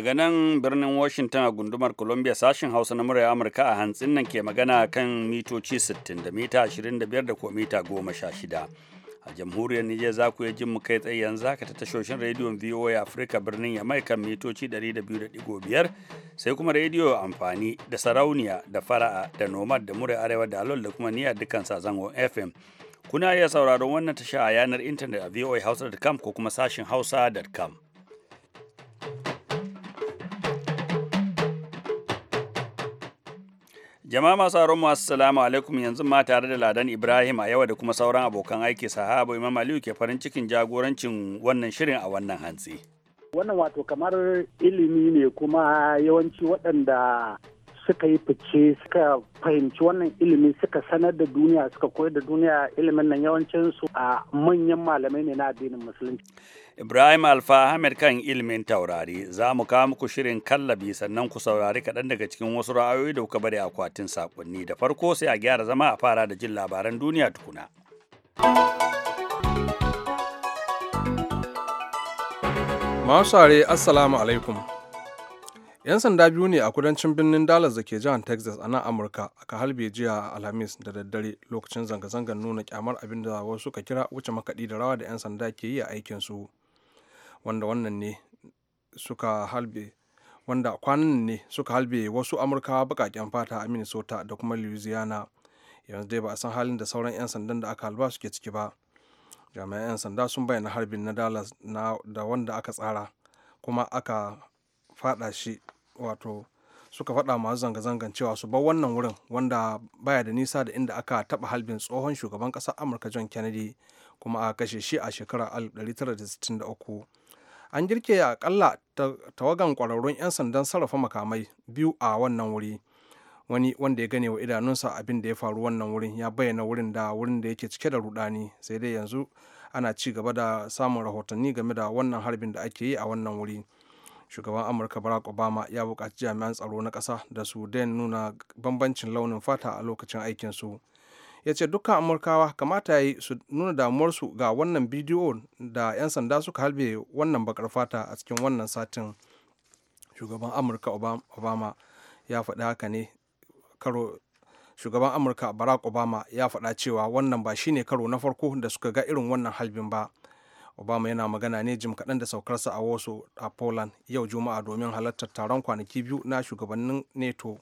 Daga nan birnin Washington a gundumar Columbia sashin Hausa na murya Amurka a hantsin nan ke magana kan mitoci 60 da mita 25 da kuma mita 16. A jamhuriyar Nijar za ku iya mu kai tsaye yanzu haka ta tashoshin rediyon VOA Africa birnin Yamai kan mitoci 200.5 sai kuma rediyo amfani da sarauniya da fara'a da nomad da murya arewa da alol da kuma niyyar dukkan sazangon FM. Kuna iya sauraron wannan tasha a yanar intanet a voahausa.com ko kuma sashin hausa.com. Jama'a masu aron masu salamu alaikum yanzu ma tare da Ladan Ibrahim a yawa da kuma sauran abokan aiki sahaba Imam Aliyu ke farin cikin jagorancin wannan shirin a wannan hantsi. Wannan wato kamar ilimi ne kuma yawanci waɗanda suka yi fice suka fahimci wannan ilimi suka sanar da duniya suka koyar da duniya ilimin nan yawancin su a manyan malamai ne na addinin musulunci Ibrahim Alfa Ahmed kan ilimin taurari za mu kawo muku shirin kallabi sannan ku saurari kaɗan daga cikin wasu ra'ayoyi da kuka bari akwatin sakonni da farko sai a gyara zama a fara da jin labaran duniya tukuna. Masu sare assalamu alaikum. 'Yan sanda biyu ne a kudancin birnin Dallas da ke jihar Texas a nan Amurka aka halbe jiya a Alhamis da daddare lokacin zanga-zangar nuna kyamar abin da wasu suka kira wuce makaɗi da rawa da 'yan sanda ke yi a aikinsu. Wanda wannan ne suka halbe wanda kwanan ne suka halbe wasu Amurkawa baƙaƙen fata a Minnesota da kuma Louisiana. Yanzu dai ba a san halin da sauran 'yan sandan da aka halba suke ciki ba. Jami'an 'yan sanda sun bayyana harbin na Dallas da wanda aka tsara kuma aka fada shi wato suka faɗa masu zanga-zangan cewa su bar wannan wurin wanda baya da nisa da inda aka taɓa halbin tsohon shugaban ƙasar amurka john kennedy kuma a kashe shi a shekarar 1963 an girke akalla tawagan ƙwararrun 'yan sandan sarrafa makamai biyu a wannan wuri wani wanda ya gane wa idanunsa abin da ya faru wannan wurin ya bayyana wurin da wurin da yake cike da rudani sai dai yanzu ana ci gaba da samun rahotanni game da wannan harbin da ake yi a wannan wuri. shugaban amurka barack obama ya buƙaci jami'an tsaro na ƙasa da su den nuna bambancin launin fata a lokacin aikinsu ya ce dukkan amurkawa kamata ya yi su nuna damuwarsu ga wannan bidiyo da 'yan sanda suka halbe wannan bakar fata a cikin wannan satin shugaban amurka obama ya faɗi haka ne karo shugaban amurka barack obama ya faɗa cewa wannan ba shine karo na farko da suka ga irin wannan halbin ba obama yana magana ne jim kaɗan da saukarsa a wasu a poland yau juma'a domin halartar taron kwanaki biyu na shugabannin neto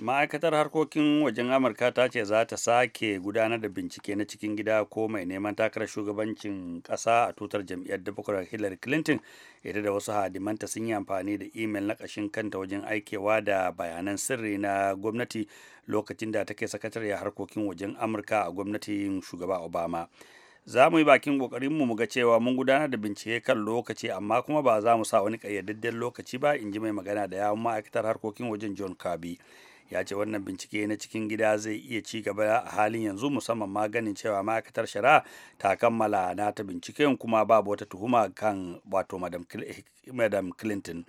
ma'aikatar harkokin wajen amurka ta ce za ta sake gudanar da bincike na cikin gida ko mai neman takarar shugabancin kasa a tutar jam'iyyar democrat hillary clinton ita da wasu hadimanta sun yi amfani da imel na ƙashin kanta wajen aikewa da bayanan sirri na gwamnati lokacin da take sakatare harkokin wajen amurka a gwamnatin shugaba obama za mu yi bakin kokarin mu ga cewa mun gudanar da bincike kan lokaci amma kuma ba za mu sa wani ƙayyadadden lokaci ba in ji mai magana da yawon ma'aikatar harkokin wajen john kabi ya ce wannan bincike na cikin gida zai iya ci gaba a halin yanzu musamman ma ganin cewa ma'aikatar shara ta kammala na ta binciken kuma babu wata tuhuma kan wato madam clinton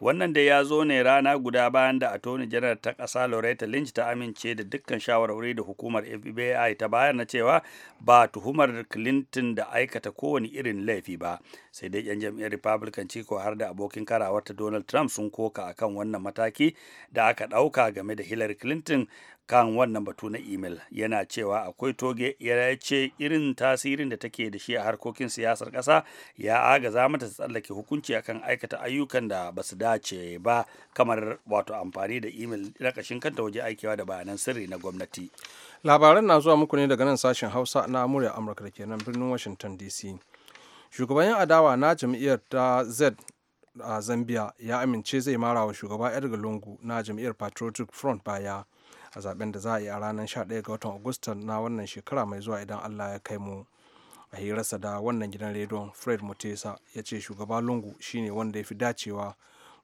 wannan dai ya zo ne rana guda bayan da attorney Janar ta Kasa loretta lynch ta amince da dukkan shawarwari da hukumar fbi ta bayar na cewa ba tuhumar clinton da aikata kowane irin laifi ba sai dai yan jam'iyyar republican ciko har da abokin karawar ta donald trump sun koka akan wannan mataki da aka ɗauka game da hillary clinton kan wannan batu na imel yana cewa akwai toge ya ce irin tasirin da take da shi a harkokin siyasar ƙasa ya agaza mata tsallake hukunci akan aikata ayyukan da ba su dace ba kamar wato amfani da imel na ƙashin kanta waje aikewa da bayanan sirri na gwamnati labaran na zuwa muku ne daga nan sashen hausa na amurya amurka da ke nan birnin washington dc shugaban adawa na jam'iyyar ta z a zambia ya amince zai mara wa shugaba edgar lungu na jam'iyyar patriotic front baya a zaben da za a yi a ranar 11 ga watan agusta na wannan shekara mai zuwa idan allah ya kai mu a hirarsa da wannan gidan rediyon fred mutesa ya ce shugaba lungu shine wanda ya fi dacewa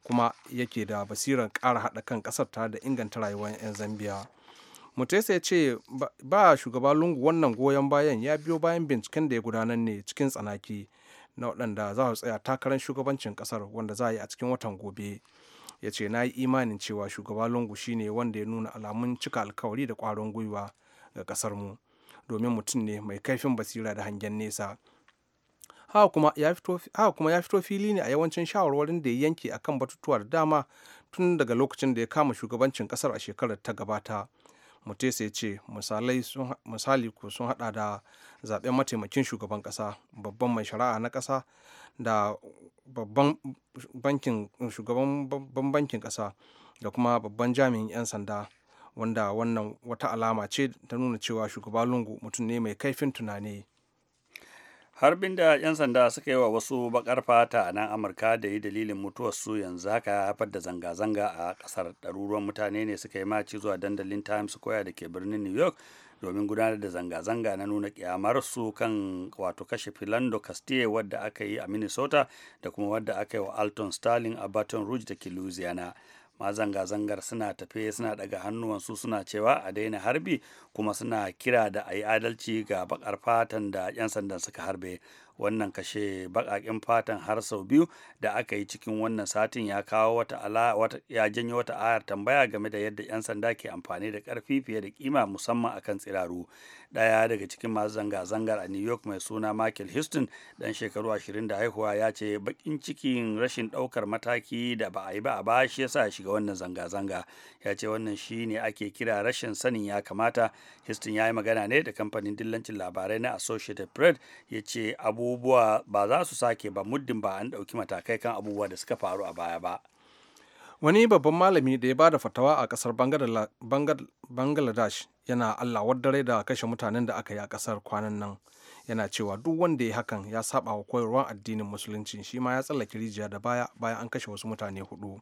kuma yake da basirar ƙara haɗa kan ƙasar ta da inganta rayuwar 'yan zambiya mutesa ya ce ba shugaba lungu wannan goyon bayan ya biyo bayan binciken da ya gudanar ne cikin tsanaki na waɗanda za su tsaya takarar shugabancin ƙasar wanda za a yi a cikin watan gobe. ya ce na yi imanin cewa shugaba lungu shine wanda ya nuna alamun cika alkawari da kwarin gwiwa ga kasar mu domin mutum ne mai kaifin basira da hangen nesa haka kuma ya fito fili ne a yawancin shawarwarin da ya yanke kan batutuwa da dama tun daga lokacin da ya kama shugabancin kasar a shekarar ta gabata ya ce misali ku sun hada da zaben mataimakin shugaban kasa babban mai shari'a na kasa da babban bankin shugaban babban bankin ƙasa da kuma babban jami'in 'yan sanda wanda wannan wata alama ce ta nuna cewa shugaba lungu mutum ne mai kaifin tunani harbin da 'yan sanda suka yi wa wasu bakar fata a nan amurka da yi dalilin mutuwar su yanzu haka haifar da zanga-zanga a kasar ɗaruruwan mutane ne suka yi maci zuwa dandalin times square da ke birnin new york domin gudanar da zanga-zanga na nuna kyamar su kan wato kashe filando castile wadda aka yi a minnesota da kuma wadda aka yi wa alton starling a baton rouge da ke louisiana ma zanga-zangar suna tafe suna daga hannuwansu suna cewa a daina harbi kuma suna kira da a yi adalci ga bakar fatan da 'yan sandan suka harbe wannan kashe bakakin fatan har sau biyu da aka yi cikin wannan satin ya kawo wata ala ya janyo wata ayar tambaya game da yadda 'yan sanda ke amfani da karfi fiye da kima musamman akan tsiraru daya daga cikin masu zanga-zangar a new york mai suna michael houston dan shekaru 20 da haihuwa ya ce bakin cikin rashin daukar mataki da ba a yi ba a ba shi yasa ya shiga wannan zanga-zanga ya ce wannan shi ne ake kira rashin sanin ya kamata houston ya yi magana ne da kamfanin dillancin labarai na associated press ya ce abubuwa ba za su sake ba muddin ba an ɗauki matakai kan abubuwa da suka faru a baya ba. wani babban malami da ya bada fatawa a kasar bangladesh yana allah wadare da kashe mutanen da aka yi a kasar kwanan nan yana cewa duk wanda ya hakan ya saba wa koyarwar addinin musulunci shi ma ya tsallake rijiya da baya bayan an kashe wasu mutane hudu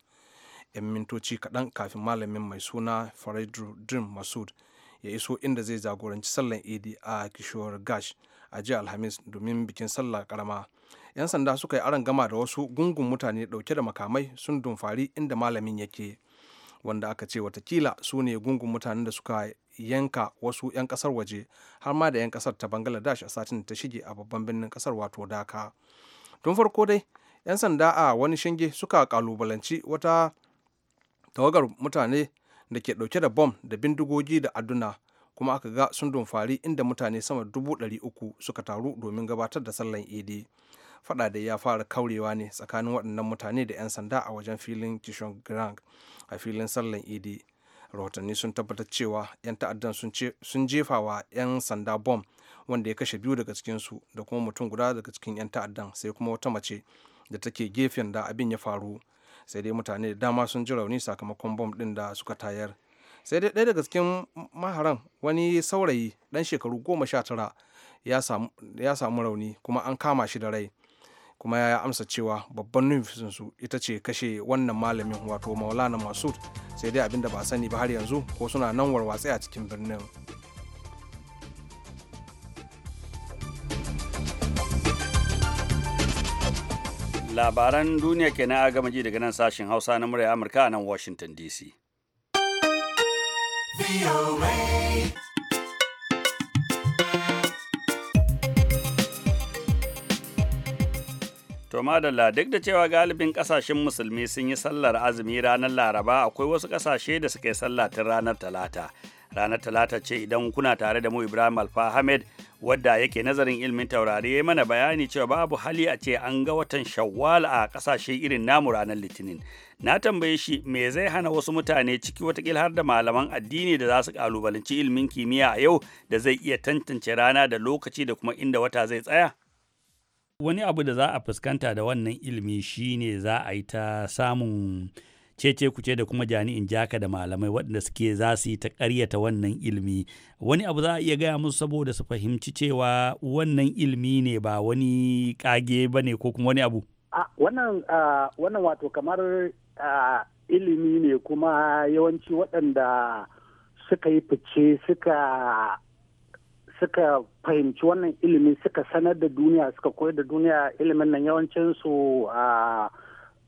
yan mintoci kaɗan kafin malamin mai suna dream masud ya iso inda zai jagoranci sallan idi a kishore gash a jiya alhamis domin bikin sallah karama 'yan sanda suka yi aron gama da wasu gungun mutane dauke da makamai sun dumfari inda malamin yake wanda aka ce watakila su ne gungun mutanen da suka yanka wasu 'yan kasar waje har ma da 'yan kasar ta bangladesh a satin da ta shige a babban birnin kasar wato daka tun farko dai 'yan sanda a wani shinge suka kalubalanci wata tawagar mutane da ke dauke da bom da bindigogi da aduna kuma aka ga sun dumfari inda mutane sama dubu ɗari uku suka taru domin gabatar da sallan idi faɗa da ya fara kaurewa ne tsakanin waɗannan mutane da 'yan sanda a wajen filin kishon grand a filin sallan idi rahotanni sun tabbatar cewa 'yan ta'addan sun jefa wa 'yan sanda bom wanda ya kashe biyu daga cikinsu da kuma mutum guda daga cikin 'yan ta'addan sai kuma wata mace da take gefen da abin ya faru sai dai mutane da dama sun ji rauni sakamakon bom ɗin da suka tayar sai dai ɗaya daga cikin maharan wani saurayi ɗan shekaru goma sha tara ya samu rauni kuma an kama shi da rai kuma ya amsa cewa babban nufinsu ita ce kashe wannan malamin wato maulana masud sai dai abinda ba sani ba har yanzu ko suna nan warwatse a cikin birnin labaran duniya kenan a gama ji daga nan sashen hausa na murya amurka a nan washington dc To madalla duk da cewa galibin kasashen musulmi sun yi sallar azumi ranar Laraba akwai wasu kasashe da suka yi sallah tun ranar Talata. Ranar Talata ce idan kuna tare da mu Ibrahim alfahamed Ahmed wadda yake nazarin ilmin taurari ya mana bayani cewa babu hali a ce an ga watan Shawwal a kasashe irin namu ranar Litinin. Na tambaye shi me zai hana wasu mutane ciki watakila har da malaman addini da za su kalubalanci ilmin kimiyya a yau da zai iya tantance rana da lokaci da kuma inda wata zai tsaya? wani abu da za a fuskanta da wannan ilimi shine za a yi ta samun cece kuce da kuma jani'in jaka da malamai waɗanda suke za su yi ta ƙaryata wannan ilimi wani abu za a iya gaya musu saboda su fahimci cewa wannan ilimi ne ba wani ƙage ba ne ko kuma wani abu wannan wato kamar ilimi ne kuma yawanci waɗanda suka yi fice suka suka fahimci wannan ilimi suka sanar da duniya suka koyar da duniya ilimin nan su a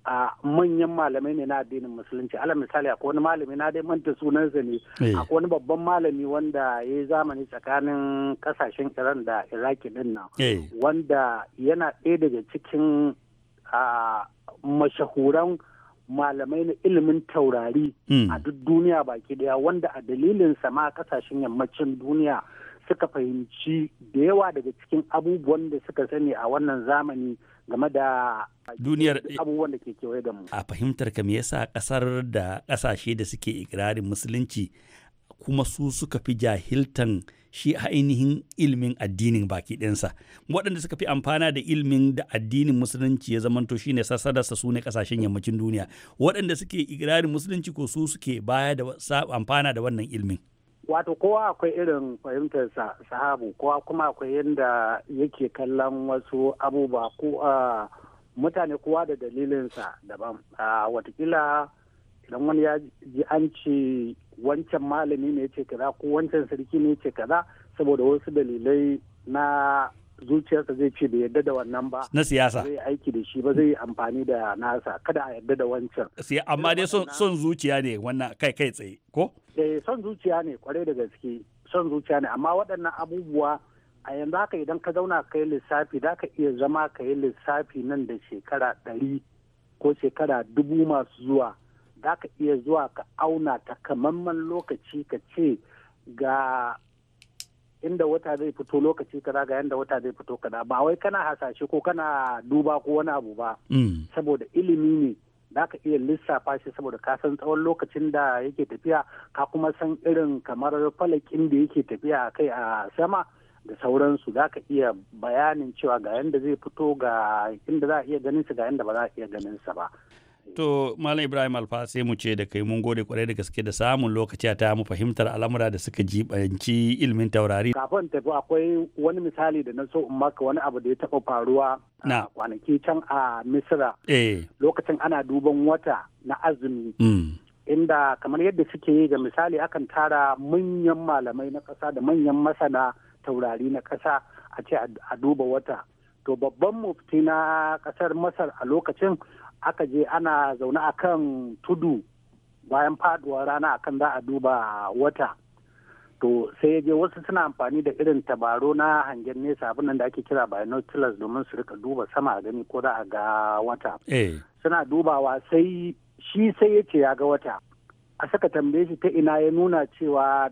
a manyan malamai ne na addinin musulunci ala misali akwai wani malami na dai manta sunansa ne eh. akwai wani babban malami wanda ya yi zamani tsakanin kasashen iran da iraki din nan eh. wanda yana ɗaya daga cikin mashahuran malamai na ilimin taurari hmm. a duk duniya baki daya wanda a dalilin sama kasashen yammacin duniya suka fahimci da yawa daga cikin abubuwan da suka sani a wannan zamani game da duniyar eh, abubuwan da ke kewaye da mu. A fahimtar ka me yasa kasar da kasashe da suke ikirarin musulunci kuma su suka fi jahiltan shi ainihin ilmin addinin baki ɗinsa waɗanda suka fi amfana da ilmin da addinin musulunci ya zamanto shine sassadarsa su ne ƙasashen yammacin duniya waɗanda suke ikirarin musulunci ko su suke baya da amfana da wannan ilmin. wato kowa akwai irin fahimtar sahabu kowa kuma akwai yadda yake kallon wasu abubuwa ko mutane kowa da dalilinsa daban a watakila idan wani ya ji an ce wancan malami ne ce kaza ko wancan sarki ne ce kaza saboda wasu dalilai na zuciyarsa zai ce bai yadda da wannan ba na siyasa zai aiki da shi ba zai yi amfani da nasa kada a yadda da wancan amma dai son zuciya ne wannan kai kai tsaye ko eh son zuciya ne kwarai da gaske son zuciya ne amma waɗannan abubuwa a yanzu haka idan ka zauna ka yi lissafi za ka iya zama ka yi lissafi nan da shekara ɗari ko shekara dubu masu zuwa za ka iya zuwa ka auna takamaiman lokaci ka ce ga inda wata zai fito lokaci kaza ga yanda wata zai fito kaza ba wai kana hasashe ko kana duba ko wani abu ba mm. saboda ilimi ne zaka ka iya lissafa shi saboda ka san tsawon lokacin da yake tafiya ka kuma san irin kamar falakin da yake tafiya kai a sama da sauransu da ka iya bayanin cewa ga yanda zai fito ga inda za a iya ganin su ga yanda ba za a iya ganin sa ba To Malam Ibrahim Alfa sai mu ce da kai mun gode kwarai da gaske da samun lokaci ta mu fahimtar al'amura da suka jibanci ilimin taurari. Kafin tafi akwai wani misali da na so in maka wani abu da ya taɓa faruwa na kwanaki can a Misira. Eh. Lokacin ana duban wata na azumi. Mm. Inda kamar yadda suke yi ga misali akan tara manyan malamai na ƙasa da manyan masana taurari na ƙasa a ce a duba wata. To babban mufti na ƙasar Masar a lokacin aka je ana zaune a kan tudu bayan faduwar rana akan za a duba wata to sai ya je wasu suna amfani da irin tabaro na hangen nesa abin da ake kira binoculars domin su rika duba sama a gani ko za a ga wata eh. suna dubawa sai shi sai ya ce ya ga wata a saka tambaye shi ta ina ya nuna cewa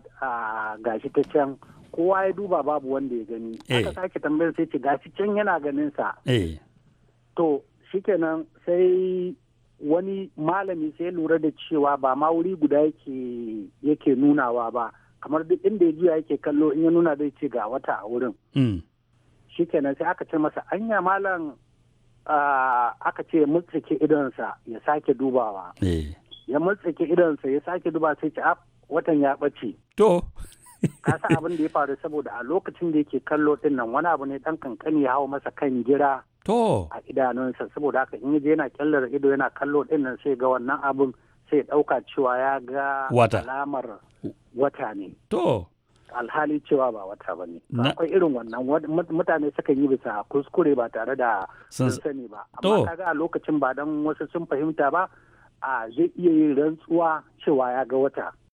gashi ta can kowa ya duba babu wanda ya gani eh. aka sake tambayar sai ce gashi can yana ganin sa eh. to shikenan sai wani malami sai lura da cewa ba ma wuri guda yake yake nunawa ba kamar duk inda ya juya yake kallo in ya nuna zai ce ga wata a wurin hmm. shikenan sai aka ce masa anya malam aka ce mutsike idonsa ya sake dubawa eh. ya mutsake idonsa ya sake duba sai ce watan ya ɓace to ka abin da ya faru saboda a lokacin da yake kallo din nan wani abu ne dan kankani ya hawo masa kan gira to a idanunsa saboda haka in je yana kyallar ido yana kallo din nan sai ga wannan abin sai ya dauka cewa ya ga alamar wata ne to alhali cewa ba wata ba ne akwai irin wannan mutane sukan yi bisa kuskure ba tare da sun sani ba amma kaga a lokacin ba dan wasu sun fahimta ba a zai iya yin rantsuwa cewa ya ga wata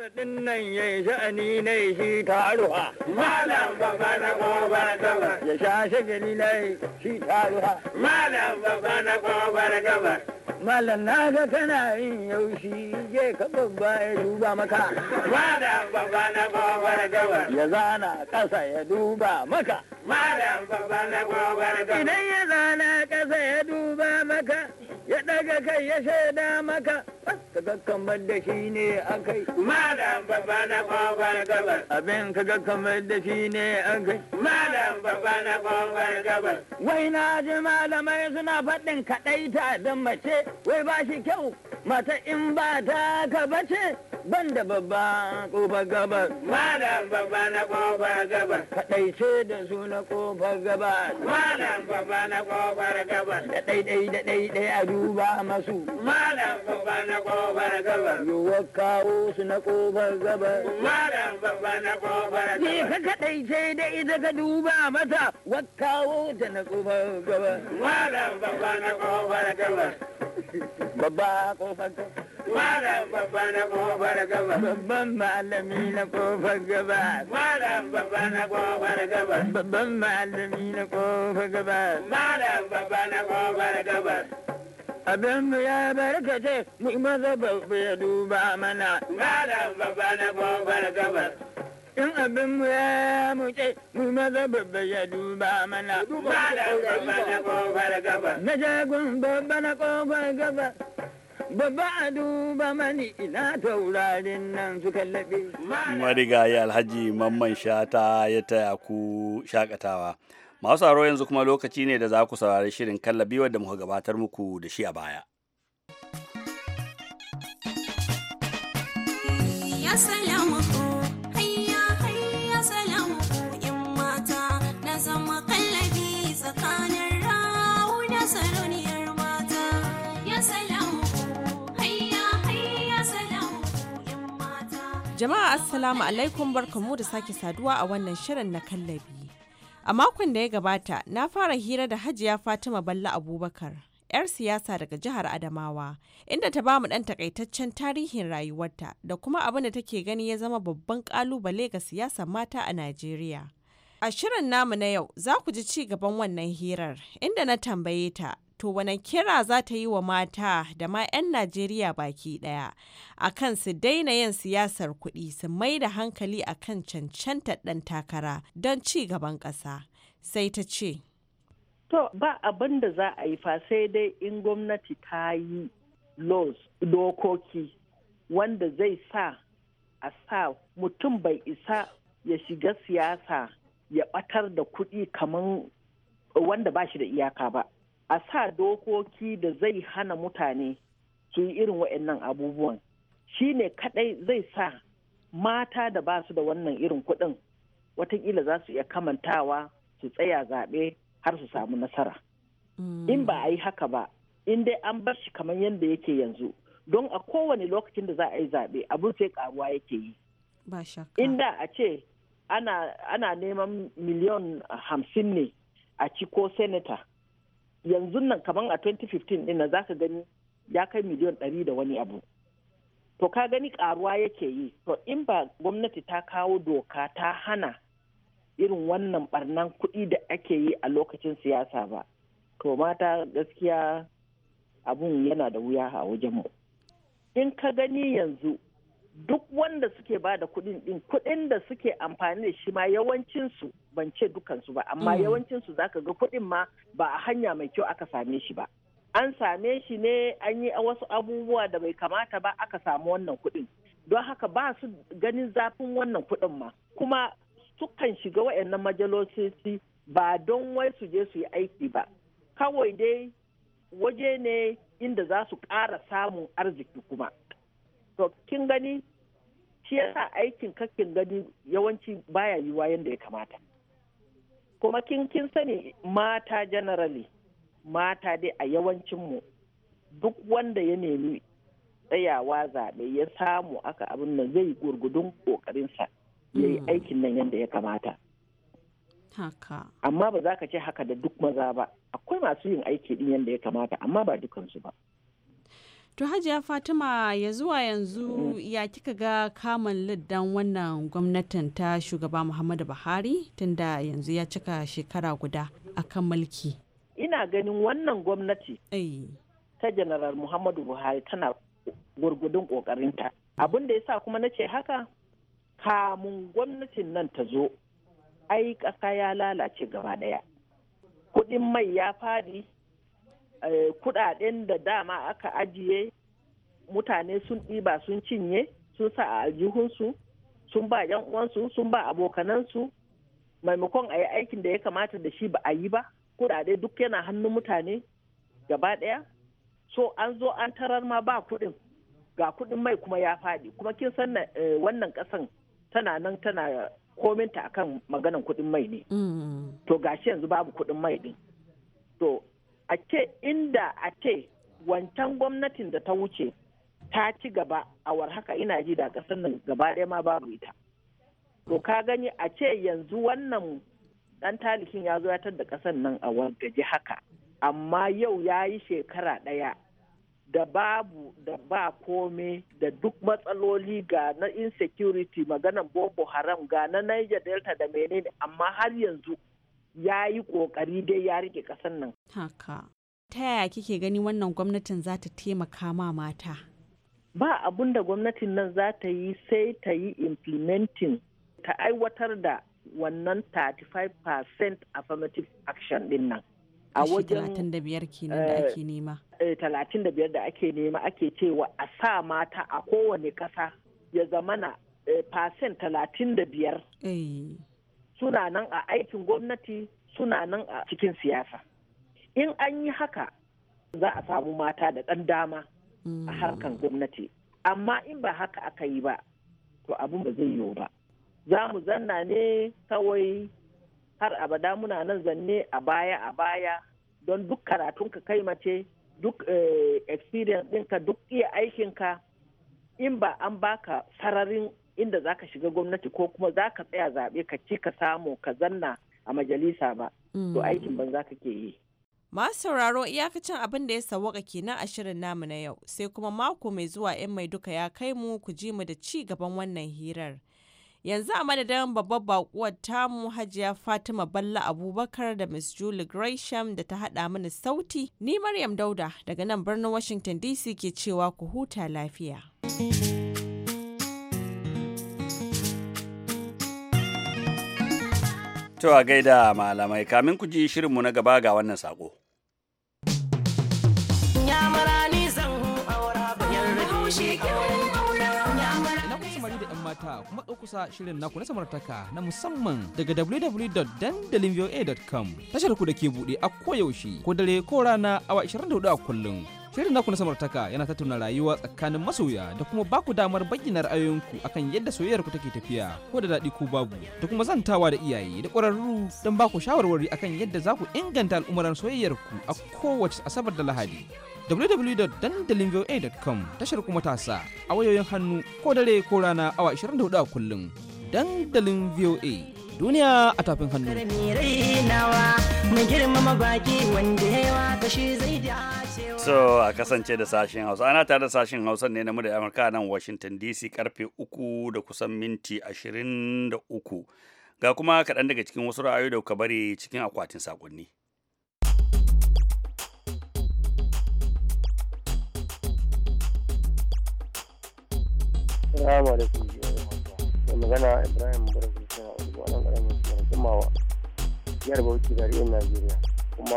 sharaɗin nan ya yi sha'ani na yi shi taruwa. Malam baba na kobar gabar. Ya sha shagali na yi shi taruwa. Malam baba na kobar gabar. Malam na ga kana yin yaushi je ka babba ya duba maka. Malam baba na kobar gabar. Ya zana ƙasa ya duba maka. malam babba na gobarta idan ya zana ƙasa ya duba maka ya ɗaga kai ya shaida maka kaga kamar da shi ne akai malam babba na gobar gabar abin kaga kamar da shi ne akai malam babba na gobar gabar wai na ji malamai suna faɗin kaɗaita da mace wai ba shi kyau mata in ba ta ka bace ban da babba kofar gabar malam babba na kofar gabar ce da su na kofar gabar malam babba na kofar gabar da ɗaiɗai da ɗaiɗai a duba masu malam babba na kofar gabar yiwuwar kawo su na kofar gabar malam babba na kofar gabar ne ka kadaice da ita ka duba mata wakawo ta na kofar gabar malam babba na kofar gabar babba kofar gabar Malam babba na kofar gaba. Babban malami na kofar gaba. Malam babba na kofar gaba. Babban malami na kofar gaba. Malam babba na kofar gaba. Abin ya barkace mu maza babba ya duba mana. Malam babba na kofar gaba. in abin mu ya muke mu maza babba ya duba mana. Malam babba na kofar gaba. Na jagun babba na kofar gaba. ba ba a duba mani ina taurarin nan suka laɓe. marigayi alhaji mamman shata ya taya ku shakatawa masu tsaro yanzu kuma lokaci ne da za ku saurari shirin kallabi wadda muka gabatar muku da shi a baya. Yes, Jama'a Assalamu alaikum barkamu da sake saduwa a wannan shirin na kallabi. A makon da ya gabata na fara hira da Hajiya Fatima Bello Abubakar, 'yar siyasa daga jihar Adamawa, inda ta bamu ɗan takaitaccen tarihin rayuwarta da kuma abin da take gani ya zama babban ƙalubale ga siyasar mata a Najeriya. A shirin namu na yau za ku ji ci gaban wannan hirar inda na tambaye ta to wani kira za ta yi wa mata da ma 'yan Najeriya baki ɗaya a kan su daina yin siyasar kuɗi su mai da hankali a kan cancanta ɗan takara don ci gaban ƙasa. Sai ta ce. To ba abin da za a yi fa sai dai in gwamnati ta yi laws dokoki wanda zai sa a sa mutum bai isa ya shiga siyasa ya batar da kuɗi kamar wanda ba shi da iyaka ba. a sa dokoki da zai hana mutane su yi irin waɗannan abubuwan shi ne kadai zai sa mata da ba su da wannan irin kuɗin watakila za su iya kamantawa su tsaya zaɓe har su samu nasara mm. in ba a yi haka ba in dai an bar shi kamar yadda yake yanzu don a kowane lokacin da za a yi zaɓe abin sai karuwa yake yi inda a ce ana, neman miliyon hamsin ne a ci ko senata yanzu nan kamar a 2015 din za ka gani ya kai miliyan ɗari da wani abu to ka gani karuwa yake yi to in ba gwamnati ta kawo doka ta hana irin wannan barnan kuɗi da ake yi a lokacin siyasa ba to mata gaskiya abun yana da wuya a wajenmu in ka gani yanzu duk wanda suke ba da kuɗin din kuɗin da suke amfani da shi ma yawancinsu ban ce dukansu ba amma mm. yawancinsu zaka ga kuɗin ma ba a hanya mai kyau aka same shi ba an same shi ne an yi wasu abubuwa da bai kamata ba aka samu wannan kuɗin don haka ba su ganin zafin wannan kuɗin ma kuma sukan shiga waɗannan majalosoci ba don wai su je su yi aiki ba kawai dai waje ne inda za su ƙara samun arziki kuma to kin gani shi yasa aikin kakin gani yawanci baya yiwa yadda ya kamata kuma kin kin sani mata generally mata dai a yawancinmu duk wanda ya nemi tsayawa zaɓe ya samu aka abin nan zai gurgudun ƙoƙarinsa ya yi hmm. aikin nan yadda ya kamata. Haka. Amma ba za ka ce haka da duk maza ba, akwai masu yin aiki din yadda ya kamata amma ba dukansu ba. To Hajiya Fatima ya zuwa yanzu ya kika ga kamun liddan wannan gwamnatin ta shugaba Muhammadu Buhari tunda yanzu ya cika shekara guda a kan mulki. Ina ganin wannan gwamnati eh. ta general Muhammadu Buhari tana gurgudun ƙoƙarinta. Abin da ya sa kuma na ce haka, kamun gwamnatin nan ta zo, ai ƙasa ya lalace gaba ɗaya. Kuɗin mai ya fadi, Eh, kudaden da dama aka ajiye mutane sun ɗiba sun cinye sun sa a aljihunsu sun ba yan uwansu sun ba abokanansu maimakon a yi aikin da ya kamata da shi ba a yi ba kudade duk yana hannun mutane gaba ɗaya so an zo an tarar ma ba kuɗin ga kuɗin mai kuma ya faɗi kuma kin san eh, wannan ƙasan tana nan tana kominta akan maganan kuɗin mai ne mm. to gashi yanzu babu kuɗin mai ne. to a ce inda a ce wancan gwamnatin da ta wuce ta ci gaba a war haka ina ji da ƙasar nan gaba ɗaya ma babu ita to ka gani a ce yanzu wannan ɗan talikin ya zo ya da kasar nan a gaji haka amma yau ya yi shekara ɗaya da babu da ba kome da duk matsaloli ga na insecurity maganan boko haram ga na niger delta da menene amma har yanzu ya yi ƙoƙari dai ya rike ƙasan nan. Haka. Ta yaya kike gani wannan gwamnatin za ta taimaka ma mata? Ba abun da gwamnatin nan za ta yi sai ta yi implementing ta aiwatar da wannan 35% affirmative action din nan. A wajen 35 kenan da eh, ake nema. 35 eh, da ake nema ake cewa a sa mata a kowane ƙasa ya zamana eh, percent biyar. suna nan a aikin gwamnati suna nan a cikin siyasa in an yi haka za a samu mata da ɗan dama a harkan gwamnati amma in ba haka aka yi ba to abin ba zai yiwu ba za mu zanna ne kawai har abada muna nan zanne a baya a baya don duk karatunka kai mace duk eh, experience ɗinka duk iya aikinka in ba an baka sararin inda za ka shiga gwamnati ko kuma za ka tsaya zaɓe ka ci ka samu ka zanna a majalisa ba to mm. aikin banza ke yi masu sauraro iyakacin abin da ya sawaka kenan a shirin namu na yau sai kuma mako mai zuwa yan mai duka ya kai mu ku ji mu da ci gaban wannan hirar yanzu a madadin babbar bakuwar tamu hajiya fatima balla abubakar da miss julie gresham da ta hada mana sauti ni maryam dauda daga nan birnin washington dc ke cewa ku huta lafiya. To a gaida malamai kamin ku ji shirinmu na gaba ga wannan sako. mata kuma ɗaukusa shirin naku na samartaka na musamman daga www.dandalinvoa.com tashar ku da ke buɗe a koyaushe ko dare ko rana awa 24 a kullum Shirin naku na samartaka yana tattauna rayuwa tsakanin masoya da kuma baku damar bayyana ra'ayoyinku akan yadda soyayyar ku take tafiya ko da daɗi ko babu da kuma zantawa da iyaye da ƙwararru don baku shawarwari akan yadda za ku inganta al'umuran soyayyar ku a kowace asabar da lahadi. www.dandalinvoa.com tashar kuma tasa a wayoyin hannu ko dare ko rana awa 24 a kullum dandalin VOA. duniya a tafin hannu so a kasance da sashen hausa ana tare da sashen hausa ne na da amurka nan washington dc karfe uku da kusan minti ashirin da uku ga kuma kaɗan daga cikin wasu ra'ayoyi da kuka bari cikin akwatin saƙonni. Salamu alaikum, magana Ibrahim Burgu su a nan jimawa jihar bauchi tarayyar najeriya kuma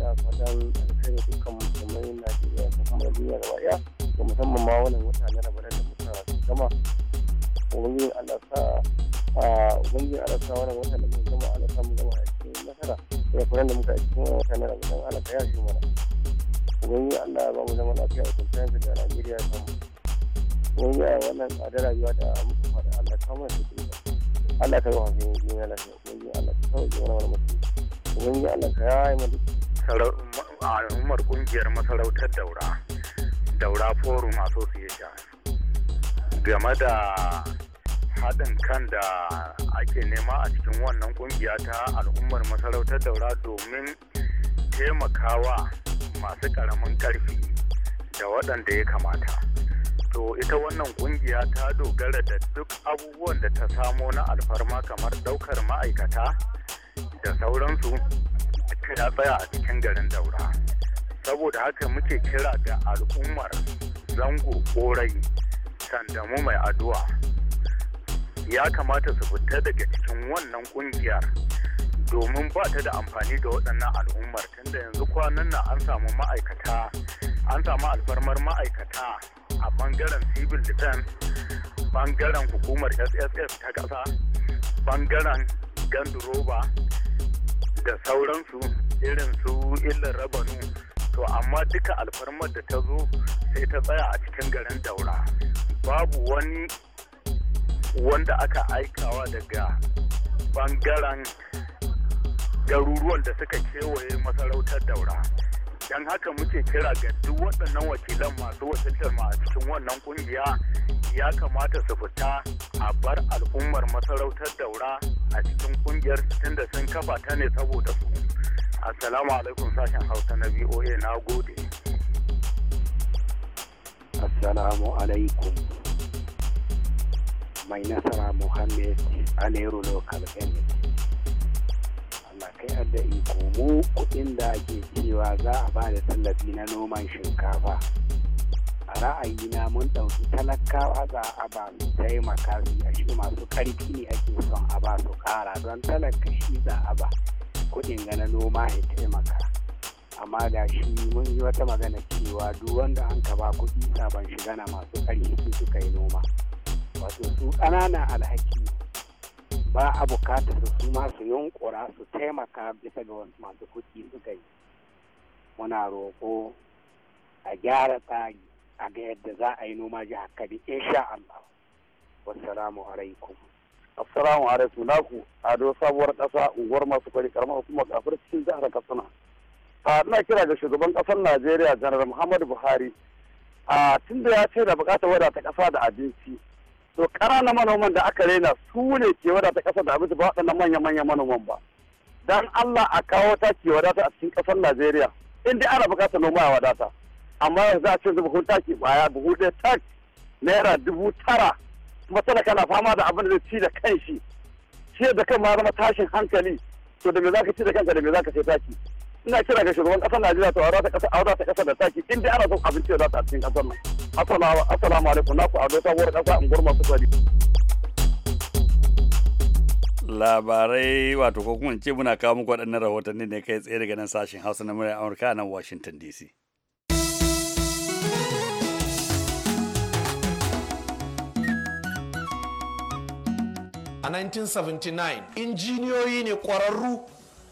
ya fatan alkhairu dukkan musulmai najeriya da kuma duniya gaba ɗaya da musamman ma wannan wata na rabarar da muka gama ubangijin allah sa ubangijin allah sa wannan wata da muka gama allah sa mu gama a cikin nasara da furen da muka a cikin wata na rabarar allah ka yashe mana ubangijin allah ya ba mu zama lafiya da kwanciyar da najeriya ta mu ubangijin wannan tsadar rayuwa da muka faɗa allah ta mana da Allah ka yi wa hanzin yi Allah ka yi Allah ka sauke wani wani mutum ubangiji Allah ka yi mutum. al'ummar kungiyar masarautar daura daura forum association game da haɗin kan da ake nema a cikin wannan kungiya ta al'ummar masarautar daura domin taimakawa masu ƙaramin ƙarfi da waɗanda ya kamata. to ita wannan kungiya ta dogara da duk abubuwan da ta samo na alfarma kamar daukar ma'aikata da sauransu ya tsaya a cikin garin daura saboda haka muke kira da al'ummar zango korai mu mai addu'a ya kamata su fita daga cikin wannan kungiyar domin ba ta da amfani da waɗannan al'ummar tunda yanzu kwanan nan an samu ma'aikata an samu alfarmar ma'aikata a bangaren civil defense bangaren hukumar sss ta kasa bangaren ganduroba da sauransu irin su illar rabanu to amma duka alfarmar da ta zo sai ta tsaya a cikin garin daura babu wani wanda aka aikawa daga bangaren garuruwan da suka kewaye masarautar daura don haka muke kira ga duk waɗannan wakilan masu wakiltar mu a cikin wannan kungiya ya kamata su fita a bar al'ummar masarautar daura a cikin kungiyar tunda sun kafa ta ne saboda su assalamu alaikum sashen hausa na voa na gode assalamu alaikum mai nasara muhammed aneru local government kai da in komo kuɗin da ake cewa za a ba da tallafi na noman shinkafa a ra'ayina mun ɗauki talakawa za a ba su taimaka su a shi masu ƙarfi ne ake son a ba su ƙara don talaka shi za a ba kuɗin na noma ya taimaka amma da shi mun yi wata magana cewa duk wanda an ka ba kuɗi sabon na masu ƙarfi suka yi noma wato su ƙananan alhaki ba a bukatar su ma su yunkura su taimaka bisa ga wasu masu kuɗi suka yi muna roƙo a gyara tsari a ga yadda za a yi noma jihar kabi insha Allah wassalamu alaikum assalamu alaikum naku ado sabuwar ƙasa unguwar masu kwari karamar hukumar kafir cikin jihar katsina a ina kira ga shugaban ƙasar najeriya janar muhammadu buhari a tun da ya ce da bukatar wadata ƙasa da abinci to ƙananan manoman da aka rena su ne ke wadata ƙasar da abinci ba waɗannan manya manya manoman ba dan Allah a kawo ta taki wadata a cikin ƙasar Najeriya in dai ana bukatar noma ya wadata amma yanzu a ce buhun taki baya buhu ɗaya tak naira dubu tara kuma talaka na fama da abin da zai ci da kanshi ci da kan ma zama tashin hankali to da me za ka ci da kanka da me za ka sai taki ina kira ga shugaban kasar Najeriya to a ta kasa a ta kasa da taki in dai ana son abinci da za ta cikin kasar nan assalamu assalamu alaikum na ku ado sabuwar kasa in gurma su sani labarai wato ko kuma ce muna kawo muku waɗannan rahotanni ne kai tsaye daga nan sashen Hausa na muryar Amurka nan Washington DC A 1979, injiniyoyi ne ƙwararru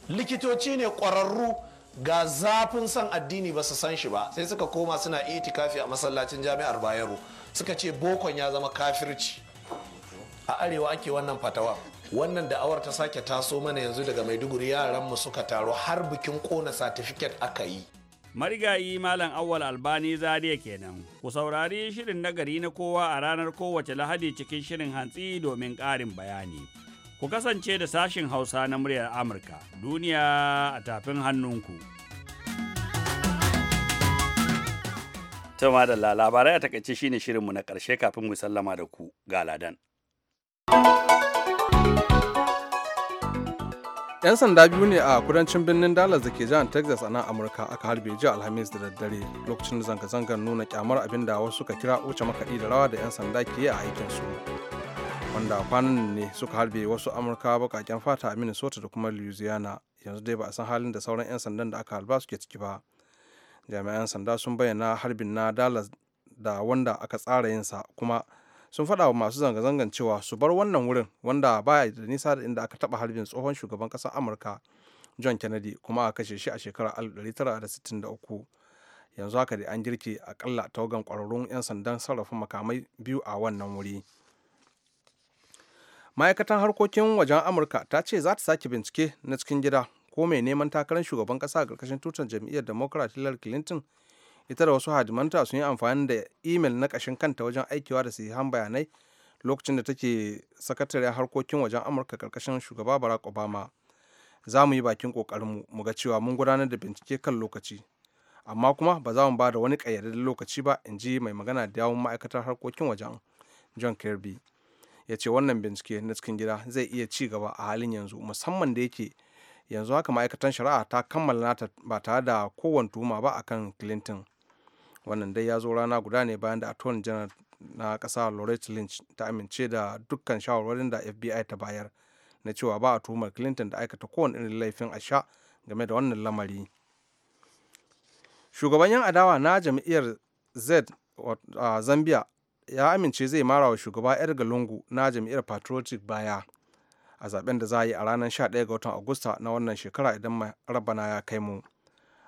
likitoci ne kwararru ga zafin san addini ba su san shi ba sai suka koma suna itikafi a masallacin jami'ar bayero suka ce bokon ya zama kafirci a arewa ake wannan fatawa wannan da awar ta sake taso mana yanzu daga maiduguri yaranmu suka taru har bikin kona satifiket aka yi marigayi malam awal albani zariya kenan ku saurari shirin nagari na kowa a ranar kowace lahadi cikin shirin hantsi domin ƙarin bayani ku kasance da sashin Hausa na muryar Amurka. Duniya a tafin hannunku. tama da labarai a takaice shine shirinmu na ƙarshe kafin mu sallama da ku galadan. 'yan sanda biyu ne a kudancin birnin dallas da ke jihar texas a nan amurka aka harbe jiya alhamis da daddare lokacin zanga-zangar nuna kyamar abin da wasu suka kira wuce makaɗi da rawa da 'yan sanda ke yi a aikinsu wanda kwanan ne suka harbe wasu amurka bakaken fata a minnesota da kuma louisiana yanzu dai ba a san halin da sauran 'yan sandan da aka halba suke ciki ba jami'an sanda sun bayyana harbin na dallas da wanda aka tsara yinsa kuma sun faɗa wa masu zanga-zangan cewa su bar wannan wurin wanda baya da nisa da inda aka taba harbin tsohon shugaban ƙasar amurka john kennedy kuma aka kashe shi a shekarar 1963 yanzu haka da an girke akalla taugan kwararrun 'yan sandan sarrafa makamai biyu a wannan wuri. ma'aikatan harkokin wajen amurka ta ce za ta sake bincike na cikin gida ko mai neman takarar shugaban kasa a ƙarƙashin tutar jam'iyyar democrat hillary clinton ita da wasu hadimanta sun yi amfani da imel na kashin kanta wajen aikewa da sihan bayanai lokacin da take sakatare harkokin wajen amurka ƙarƙashin shugaba barack obama za mu yi bakin ƙoƙarinmu mu ga cewa mun gudanar da bincike kan lokaci amma kuma ba za mu ba da wani ƙayyadadden lokaci ba in ji mai magana da yawon ma'aikatar harkokin wajen john kirby ya ce wannan bincike na cikin gida zai iya ci gaba a halin yanzu musamman da yake yanzu haka ma'aikatan shari'a ta kammala nata ba tare da kowane tuhuma ba akan clinton wannan dai ya zo rana guda ne bayan da attorney general na kasa loretta lynch ta amince da dukkan shawarwarin da fbi ta bayar na cewa ba a tuhumar clinton da aikata kowane irin laifin a sha game da wannan lamari shugaban yan adawa na jam'iyyar z a zambia ya amince zai mara wa shugaba edgar lungu na jam'iyyar patriotic baya a zaben da za a yi a ranar 11 ga watan agusta na wannan shekara idan rabana ya kai mu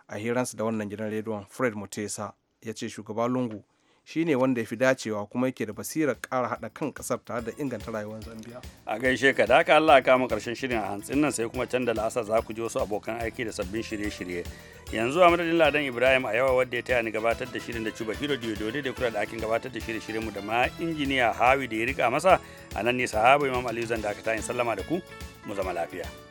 a hiransa da wannan gidan rediyon fred mutesa ya ce shugaba lungu shine wanda ya fi dacewa kuma yake da basirar kara haɗa kan ƙasar tare da inganta rayuwar zambiya a gaishe ka da haka allah kama ƙarshen shirin a hantsin nan sai kuma can da la'asar za ku ji wasu abokan aiki da sabbin shirye-shirye yanzu a madadin ladan ibrahim a yawa wanda ya taya ni gabatar da shirin da cuba hiro diodone da kura da akin gabatar da shirye shirye mu da ma injiniya hawi da ya rika masa a nan ne sahaba imam aliyu zan dakata in sallama da ku mu zama lafiya